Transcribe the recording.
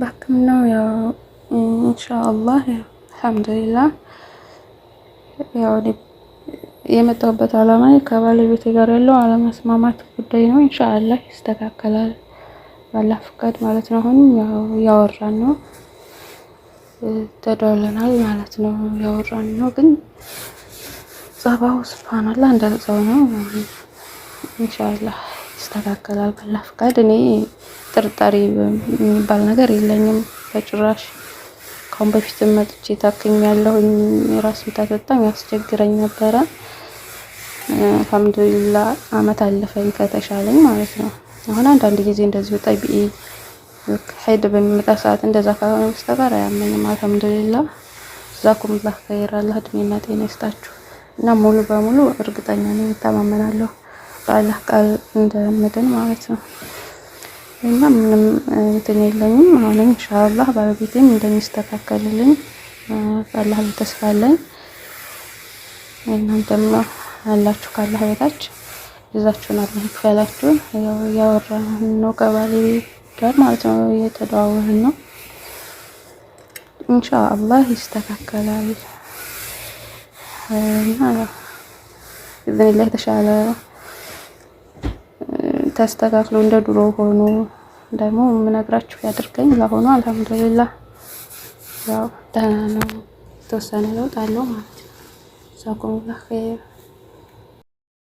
በሕክምናው ያው ኢንሻአላህ አልሐምዱሊላህ ያው የመጣሁበት ዓላማ ከባለቤቴ ጋር ያለው አለመስማማት ጉዳይ ነው። ኢንሻአላህ ይስተካከላል ባላህ ፍቃድ ማለት ነው። አሁን ያው ያወራን ነው ተደውለናል ማለት ነው። ያወራን ነው ግን ጸባው ሱብሃንአላህ እንዳልጸው ነው። ኢንሻአላህ ይስተካከላል ባላህ ፈቃድ እኔ ጥርጣሪ የሚባል ነገር የለኝም በጭራሽ። ካሁን በፊትም መጥቼ ታክኝ ያለሁኝ ራስ ምታት በጣም ያስቸግረኝ ነበረ። አልሐምዱሊላ አመት አለፈኝ ከተሻለኝ ማለት ነው። አሁን አንዳንድ ጊዜ እንደዚህ ጠቢኢ ሄድ በሚመጣ ሰዓት እንደዛ ካልሆነ በስተቀር አያመኝም። አልሐምዱሊላ ዛኩምላህ ከይር አላህ እድሜና ጤና ይስጣችሁ እና ሙሉ በሙሉ እርግጠኛ ነኝ፣ ይታማመናለሁ በአላህ ቃል እንደምድን ማለት ነው። እና ምንም እንትን የለኝም። አሁንም ኢንሻአላህ ባለቤቴም እንደሚስተካከልልኝ አላህ ተስፋ አለኝ። እናንተም አላችሁ ካላህ በታች ይዛችሁን አላህ ይክፈላችሁ። ያው ያወራን ነው ከባሌ ጋር ማለት ነው የተደዋወልን ነው ኢንሻአላህ ይስተካከላል እና ኢዝንላህ የተሻለ ተስተካክሎ እንደ ድሮ ሆኖ ደግሞ የምነግራችሁ ያድርገኝ። ለአሁኑ አልሐምዱሊላህ ያው ደህና ነው፣ የተወሰነ ለውጥ አለው ማለት ነው። ዛኩሙላህ ኸይር